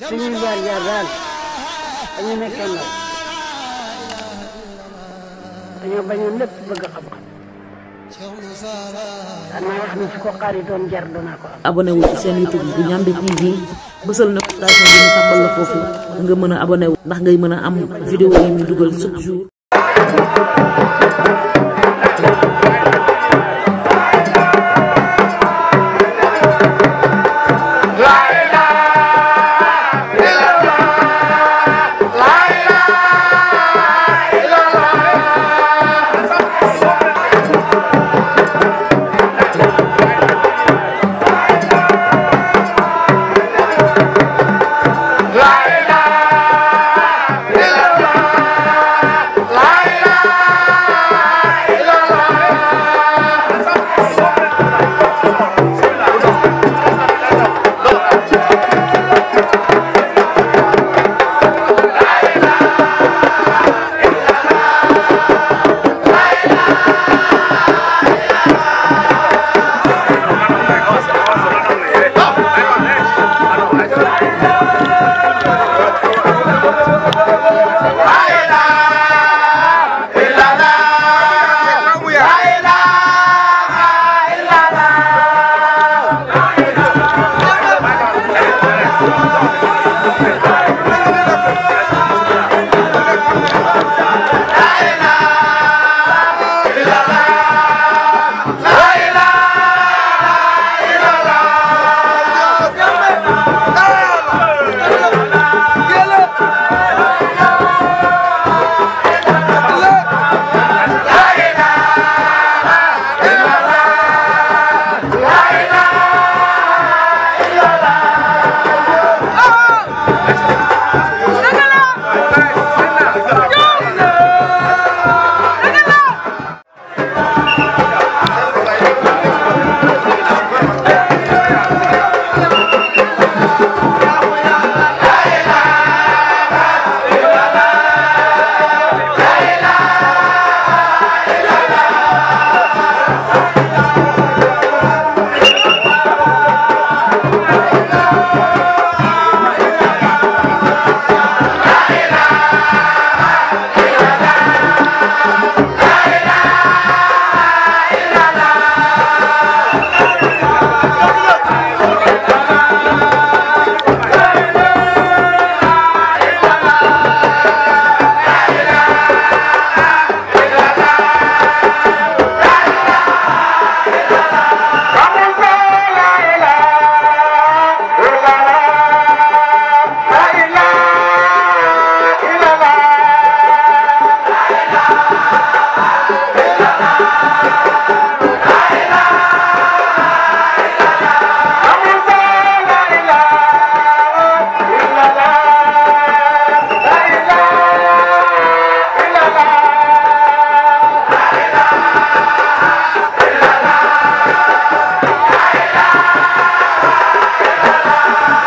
suñuy jaar-jaar daal dañu nekkoon ndaw dañoo bañoon lépp bëgg xam-xam daanaka ne su ko xaaritoon jar danaa ko am. aboné wu ci seen YouTube bu Ndiamé TV bësal na station bi ñu tàmbal foofu nga mën a aboné ndax ngay mën a am vidéo yi ñu dugal chaque jour.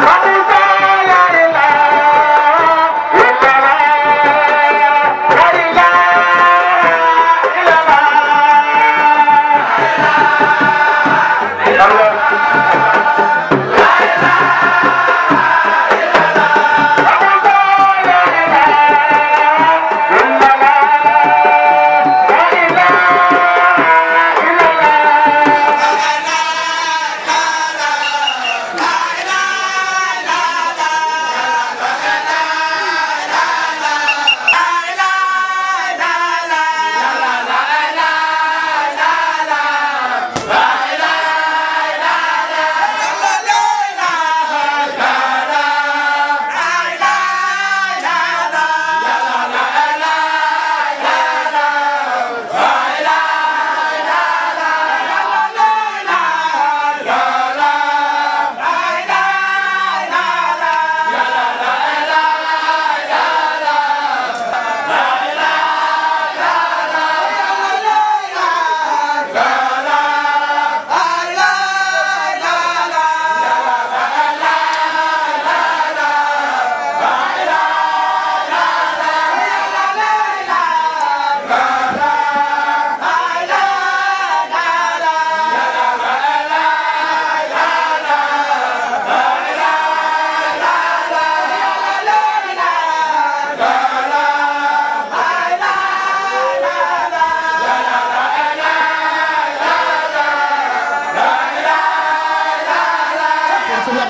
Coming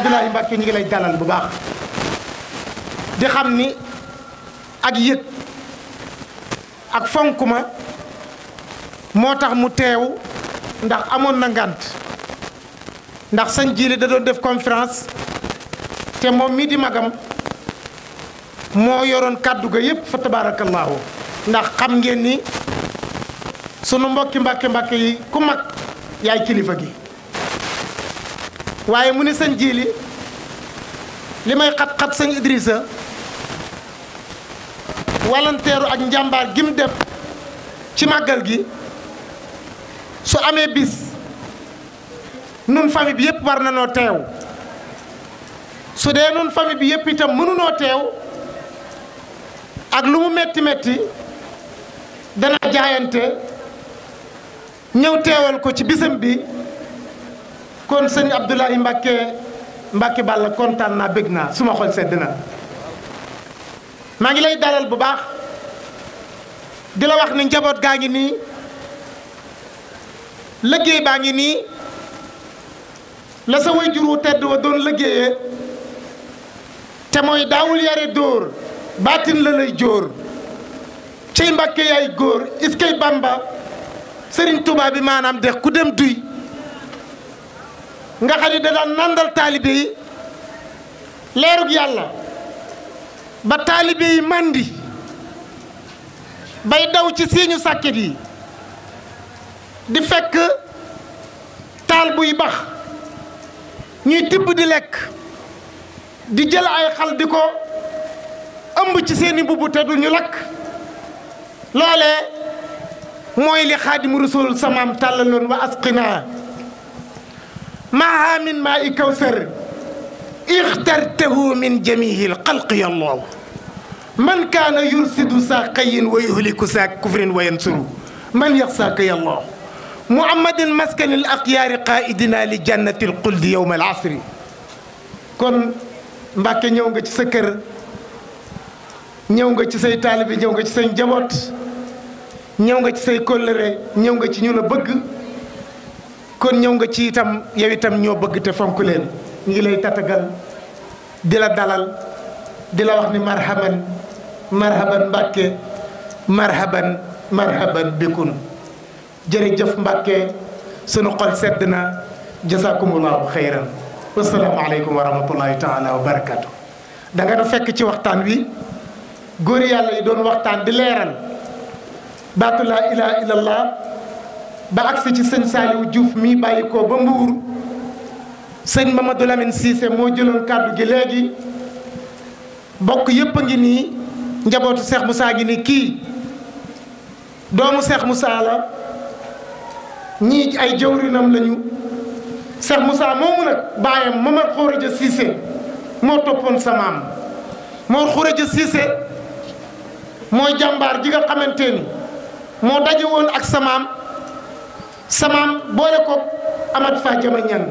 Abdoulaye Mbacke ñu ngi lay dalal bu baax di xam ni ak yëg ak fonk ma moo tax mu teew ndax amoon na ngànt ndax sañ jili da doon def conférence te moom mii di magam moo yoroon kàddu ga yépp fa tabaarakallaahu ndax xam ngeen ni sunu mbokki mbàkke mbàkke yi ku mag yaay kilifa gi waaye mu ni sëñ jiili li may xat-xat sëñ Idrissa walanteeru ak njàmbaar gim def ci màggal gi su amee bis nun famille bi yëpp war na noo teew su dee nun famille bi yëpp itam mënunoo teew ak lu mu metti metti dana jaayante ñëw teewal ko ci bisam bi kon sëñ Abdoulaye Mbacke Mbacke Balla kontaan naa bég naa suma ma xol sedd na maa ngi lay dalal bu baax di la wax ni njaboot gaa ngi nii liggéey baa ngi nii la sa way juru tedd wa doon liggéeyee te mooy daawul yare dóor baatin la lay jóor ciy Mbàkke yaay góor iskay Bamba Sëriñ Tuubaa bi maanaam dex ku dem duy nga xam ne da daan nandal taalibe yi leerug yàlla ba taalibe yi màndi bay daw ci siiñu sàkket yi di fekk taal buy bax ñuy tibb di lekk di jël ay xal di ko ëmb ci seeni mbubb te du ñu lakk loole mooy li xaadimu rasul samaam tàllaloon wa asqinaa معها من ماء كوثر اخترته من جميع القلق يا الله من كان يرصد ساقي ويهلك ساق كفر وينصر من يخساك يا الله محمد مسكن الأخيار قائدنا لجنة القلد يوم العصر كن نيوغا سي سكر نيوغا سي ci طالب نيوغا سي nga جابوت نيوغا سي ñëw كولري نيوغا سي نيولا بغ kon ñëw nga ci itam yow itam ñoo bëgg te fonk leen ñu ngi lay tatagal di la dalal di la wax ni marhaban marhaban mbàkke marhaban marhaban bikun jërëjëf mbàkke sunu xol sedd na jasakumullahu xayran wasalaamaaleykum wa rahmatullahi taala wa barakatu da nga fekk ci waxtaan wi góor yàlla yi doon waxtaan di leeral baatu laa ilaha illallah ba agsi ci sëñ Saliou Diouf mii bàyyi ko ba Mbour sëñ Mamadou Lamine Cissé moo jëloon kàddu gi léegi bokk yépp a ngi nii njabootu seex Moussa ngi nii kii doomu Cheikh Moussa la ñii ay jëwrinam lañu Cheikh Moussa moomu nag baayam Mamar Khourédia Cissé moo toppoon sa maam Mor Khourédia Cissé mooy jàmbaar ji nga xamante ni moo daje woon ak sa samaam boole ko amat fa jama ñan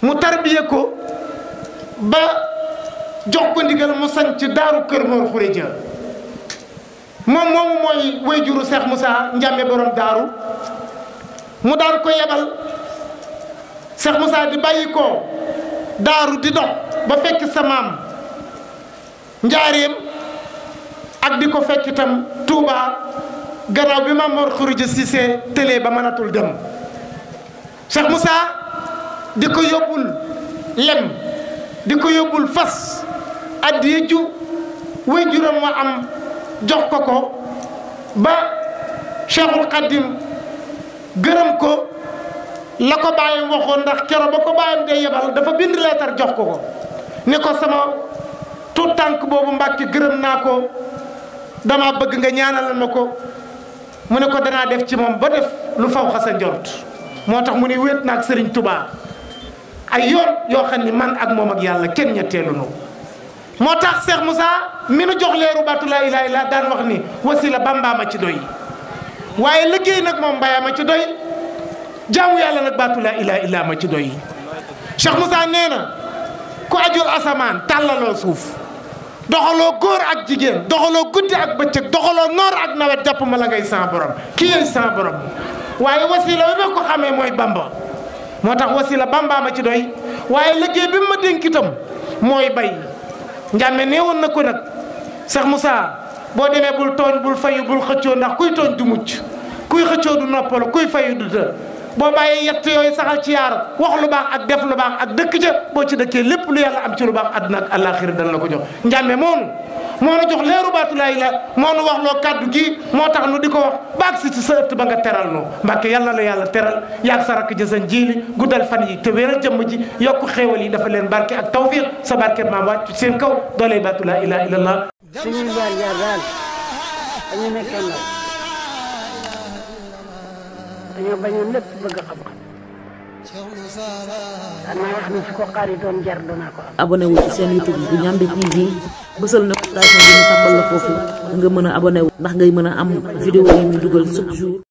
mu tarbiye ko ba jox ko ndigal mu sanc daaru kër Mor Fure Dia moom moomu mooy wayjuru Cheikh Moussa Ndiamé borom daaru mu daan ko yebal Cheikh Moussa di bàyyi ko daaru di dox ba fekk sa maam ak di ko fekk itam Touba gannaaw bi ma Mor Khouroudia Cissé télé ba mënatul dem Cheikh Moussa di ko yóbbul lem di ko yóbbul fas addiya ju waajuram ma am jox ko ko ba Cheikhul Khadim gërëm ko la ko bàyyam waxoon ndax kero ba ko bàyyam dee yebal dafa bind leetar jox ko ko ni ko sama tuut tànk boobu Mbàkke gërëm naa ko dama bëgg nga ñaanal ma ko mu ne ko danaa def ci moom ba def lu faw xasa njort moo tax mu ne wéet naag sëriñ tubaa ay yoon yoo xam ni man ak moom ak yàlla kenn ñetteelu no moo tax Cheikh Moussa mi nu jox leeru baatu laa ilaaha illa daan wax ni wasila bambaa a ci doy waaye liggéey nag moom mbayaa ma ci doy jaamu yàlla nag baatu laa ilaaha illa ma ci doy Cheikh Moussa nee na ku ajul asamaan tàllaloo suuf doxaloo góor ak jigéen doxaloo guddi ak bëccëg doxaloo noor ak nawet jàppuma ma la ngay sans borom kii yooyu sans borom waaye wasila bi ma ko xamee mooy bamba moo tax wasila bamba a ci doy waaye liggéey bi ma dénk mooy bay njàmme nee woon na ko nag Cheikh Moussa boo demee bul tooñ bul fayu bul xëccoo ndax kuy tooñ du mucc kuy xëccoo du noppalu kuy fayu du të boo bàyyee yett yooyu saxal ci yaar wax lu baax ak def lu baax ak dëkk ja boo ci dëkkee lépp lu yàlla am ci lu baax àdduna ak àllaaxira dana la ko jox njàmme moonu moo nu jox leeru baatu baatulaay la moo nu wax loo kaddu gi moo tax nu di ko wax baag si ci sa ëtt ba nga teral noo mbàkke yal na la yàlla teral yaag sa rakk sa seen jiili guddal fan yi te wéral jëmm ji yokk xéewal yi dafa leen barke ak tawfiq sa barke maam wàcc seen kaw doole baatulaay laa illallah suñuy jaar jaar daal dañoo bañoon lépp bëgg xam-xam. xanaa wax ni su ko xaaritoon jar dana ko am. abonné wu ci bu Ndiamé TV bësal na station bi ñu tàmbal la foofu nga mën a abonné wu ndax ngay mën a am vidéo yi ñu dugal chaque jour.